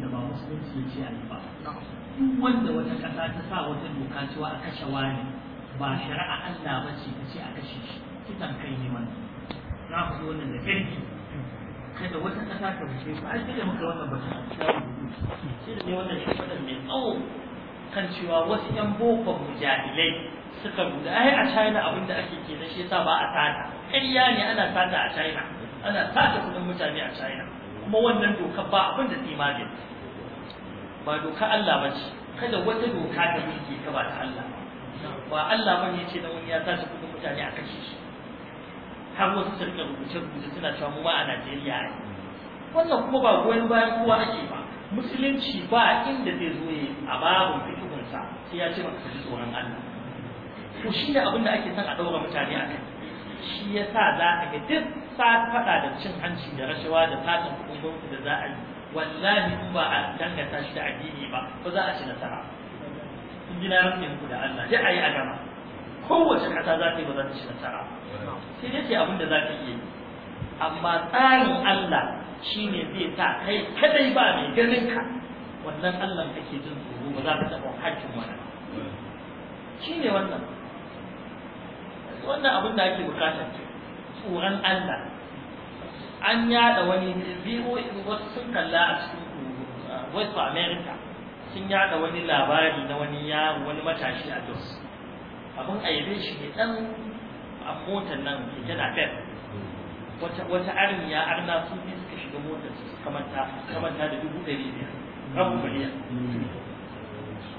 da ba musulunci ya ce a yi ba duk wanda wata ƙasa ta sa wata doka cewa a kashe wani ba shari'a Allah ba ce ta ce a kashe shi kitan kai ne wani za ku zo nan da ƙarfi kada wata ƙasa ta wuce ba a ce da muka wannan ba ta shi ne wannan shi faɗin mai tsawo kan cewa wasu 'yan boko mujahilai suka guda ai a China abin da ake ke da shi sa ba a sata ƙarya ne ana sata a China ana sata kudin mutane a China kuma wannan dokar ba abin da tima ne ba doka Allah ba ce kada wata doka da yake ka ba ta Allah ba Allah ne ya ce da wani ya tashi kudin mutane a kashe shi har wasu sarkin rubuce rubuce suna cewa mu ba a Najeriya ne wannan kuma ba goyon bayan kowa ake ba musulunci ba inda zai zo yi a babu fikihunsa sai ya ce maka ka ji tsoron Allah to shi ne abin da ake son a daura mutane a kai shi yasa za ka ga duk sa faɗa da cin hanci da rashawa da fatan kuɗin gwamnati da za a yi wallahi in ba a dangata shi da addini ba ko za a ci nasara in ji na rufe muku da Allah dai a yi a gama kowace ƙasa za ta yi ba za ta ci nasara sai dai ce abin da za ta iya yi amma tsarin Allah shine zai sa kai kadai ba mai ganin ka wannan Allah kake jin tsoro ba za ka taɓa hakkin wani shine wannan wannan abin da ake bukatar tsoron Allah an yada wani in wasu sun kalla a cikin West uh, America sun yada wani labari na wani yaro wani matashi a Jos abin aibe shi ne dan a motar nan yana bed wata wata arniya arna sun bi suka shiga motar su kamanta kamanta da dubu ɗari biyar rabu miliyan hmm.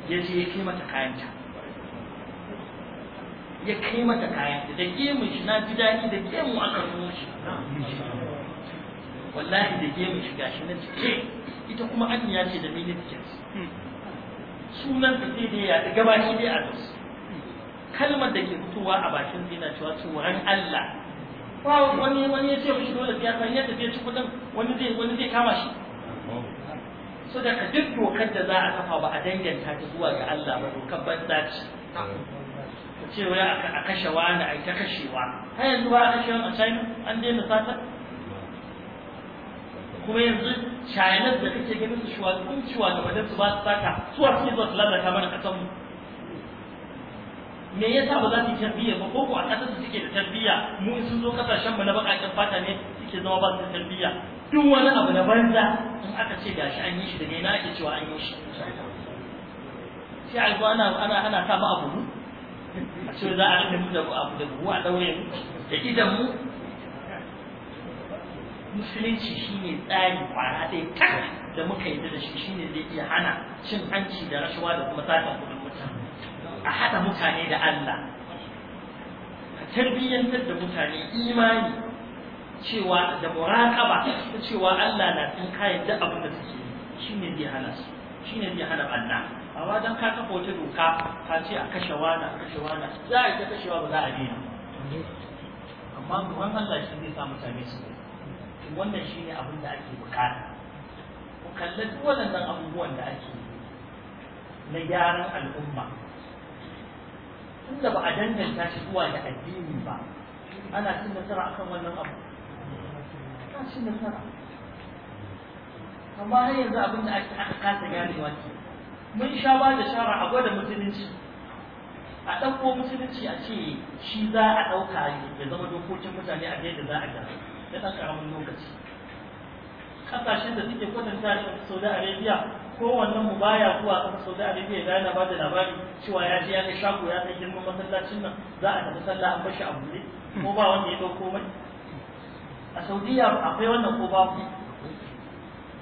ya je ya kai mata kayanta ya kai mata kayan da ke mun shi na fi daɗi da ke mun aka nuno shi wallahi da ke mun shi gashi na cike ita kuma an ya ce da milikins sunan ta sai da ya da gabashi dai a dos kalmar da ke fitowa a bakin zina cewa tsoron Allah wani wani ya ce shi dole ya san yadda zai ci kudin wani zai wani zai kama shi so da duk dokar da za a kafa ba a danganta ta zuwa ga Allah ba dokar banza ce ce cewa a kashe wani a ta kashewa har yanzu ba a kashe wani a china an daina sata kuma yanzu china da kake ganin su shugaban shugabannin su ba su sata su a cikin zuwa su lalata mana kasan mu me yasa ba za su yi tarbiyya ba ko ko a kasar su suke da tarbiyya mu in sun zo kasashen mu na bakakin fata ne suke zama ba su da tarbiyya duk wani abu na banza in aka ce gashi an yi shi da daga ina ake cewa an yi shi sai a ana ana ana sa abu a za a rinda nuna abu da buhu a daure mu da idan mu musulunci shine tsari kwana ɗaya tak da muka yi da shi shine zai iya hana cin hanci da rashawa da kuma sata kuɗin mutane a haɗa mutane da Allah a tarbiyyantar da mutane imani cewa da muraqaba ta cewa Allah na tsinkaye duk abin da suke shine zai hana su shine zai hana Allah amma dan ka kafa wata doka ka ce a kashe wani a kashe wani za a yi ta kashewa ba za a daina amma gaban Allah shi zai sa mutane su wannan shi ne abin da ake bukata ku kalli duk waɗannan abubuwan da ake na gyaran al'umma tunda ba a danganta shi zuwa da addini ba ana cin nasara akan wannan abu ana cin nasara amma har yanzu abin da ake aka kasa ganewa ce. mun sha ba da shara a gwada musulunci a ɗauko musulunci a ce shi za a ɗauka ya zama dokokin mutane a yadda za a ga ya ɗan ƙaramin lokaci ƙasashen da suke kwatanta da saudi arabia kowannen mu baya kuwa a saudi arabia ya yana ba da labari cewa ya je ya ga shago ya kai girman masallacin nan za a tafi sallah an bashi a buɗe ko ba wanda ya ɗauko mai a saudiya akwai wannan ko ku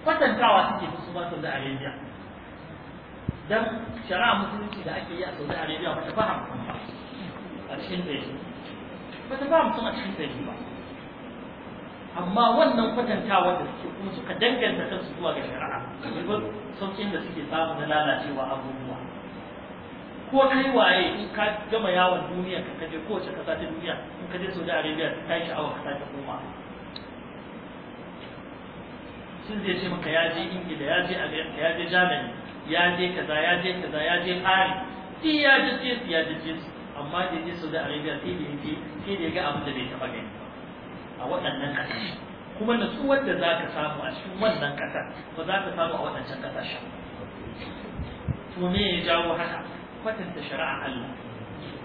kwatantawa suke su ba saudi arabia dan shari'a musulunci da ake yi a Saudi Arabia ba ta ba, a cikin ɗari ba ta faham sun a cikin ɗari ba amma wannan kwatantawa da suke kuma suka danganta kansu zuwa ga shari'a ba saukin da suke samu na lalacewa abubuwa ko kai waye in ka gama yawon duniya ka kaje ko wace kasa ta duniya in ka je Saudi Arabia ta yi awa ka sake koma sun zai ce maka ya je ingila ya je amerika ya je germany ya je kaza ya je kaza ya je Paris sai ya ji Chelsea ya ji Chelsea amma da su da arabiya sai da yake sai da ga abin da bai taba gani a waɗannan kasa kuma natsuwar da za ka samu a cikin wannan ƙasar ba za ka samu a waɗancan ƙasashen to me ya jawo haka kwatanta shari'a Allah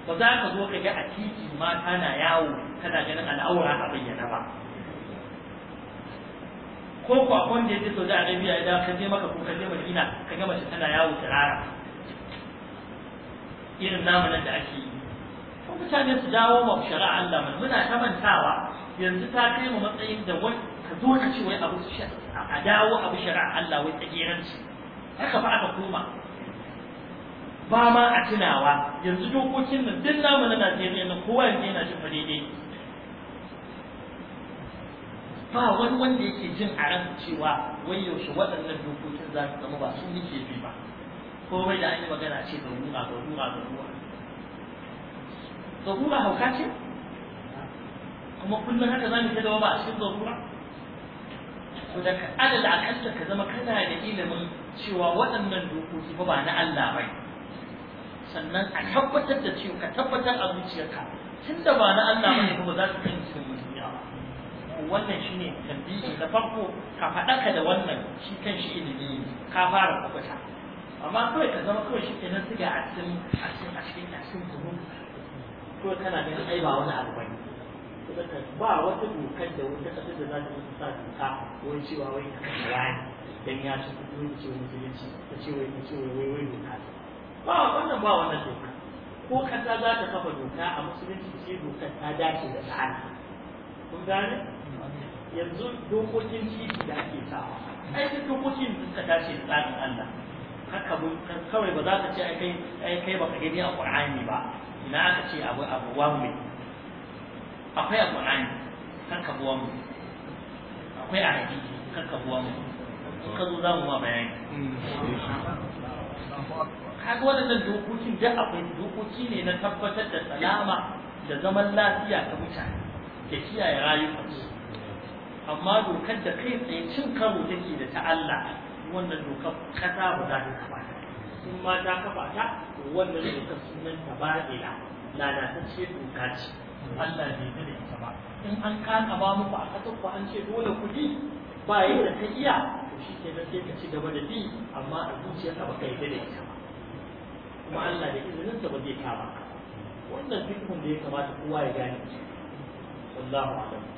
ba za ka zo ka ga a titi mata na yawo kana ganin al'aura a bayyana ba ko akwai da ya je Saudi Arabia idan ka je maka ko ka je Madina ka ga mace tana yawo rara. irin namu nan da ake yi ko mutane su dawo ma shari'a Allah mana muna ta mantawa yanzu ta kai mu matsayin da wani ka zo ka ce wai abu a dawo abu shari'a Allah wai tsagiranci haka fa aka koma ba ma a tunawa yanzu dokokin nan duk namu na tsere nan kowa yanzu yana shi fa daidai ba wani wanda yake jin a ran cewa wai yaushe waɗannan dokokin za su zama ba su nake bi ba Ko bai da an yi magana ce da ruwa da ruwa da ruwa ruwa hauka ce kuma kullum haka za mu ta zama ba a cikin zabura to da ka adal kanta ka zama kana da ilimin cewa waɗannan dokoki ba ba na Allah bai sannan a tabbatar da cewa ka tabbatar a zuciyarka tunda ba na Allah bane kuma za su kan cikin wannan shi ne tambayi da farko ka faɗaka da wannan shi kan shi ilimi ka fara kubuta amma kawai ka zama kawai shi ke nan siga a cikin a cikin a cikin a cikin kunu to kana ganin ai ba wani abu bane ba wata dokar da wata ƙasar da za ta mutu sa doka wani cewa wai ka kashe wani dan ya ci kuɗi ce musulunci ta ce wai ta ce wai wai doka ba wannan ba wannan doka ko kasa za ta kafa doka a musulunci sai dokar ta dace da ta'ala kun gane yanzu dokokin ciki da ake sawa ai duk dokokin da suka dace da tsarin Allah haka mun kawai ba za ka ce ai kai ai kai baka gani a Qur'ani ba ina aka ce abu abu wamme akwai a Qur'ani haka buwa mu akwai a hadisi haka buwa mu ka zo za mu ma bayani kaga wannan dokokin da akwai dokoki ne na tabbatar da salama da zaman lafiya ga mutane da kiyaye rayukansu amma dokar da kai tsaye cin karo take da ta Allah wannan dokar kasa ba za ta kafa ta sun ma ta kafa ta wannan dokar sunan ta ba'ila lalatacce doka ce Allah bai da ita ba in an kaka ba muku a kasar ku an ce dole kuɗi ba yadda ta iya to shi ke sai ka ci gaba da bi amma a zuciyarka ba ka yi da ita ba kuma Allah da izininsa ba zai kama wannan fikhun da ya kamata kowa ya gane wallahu a'lam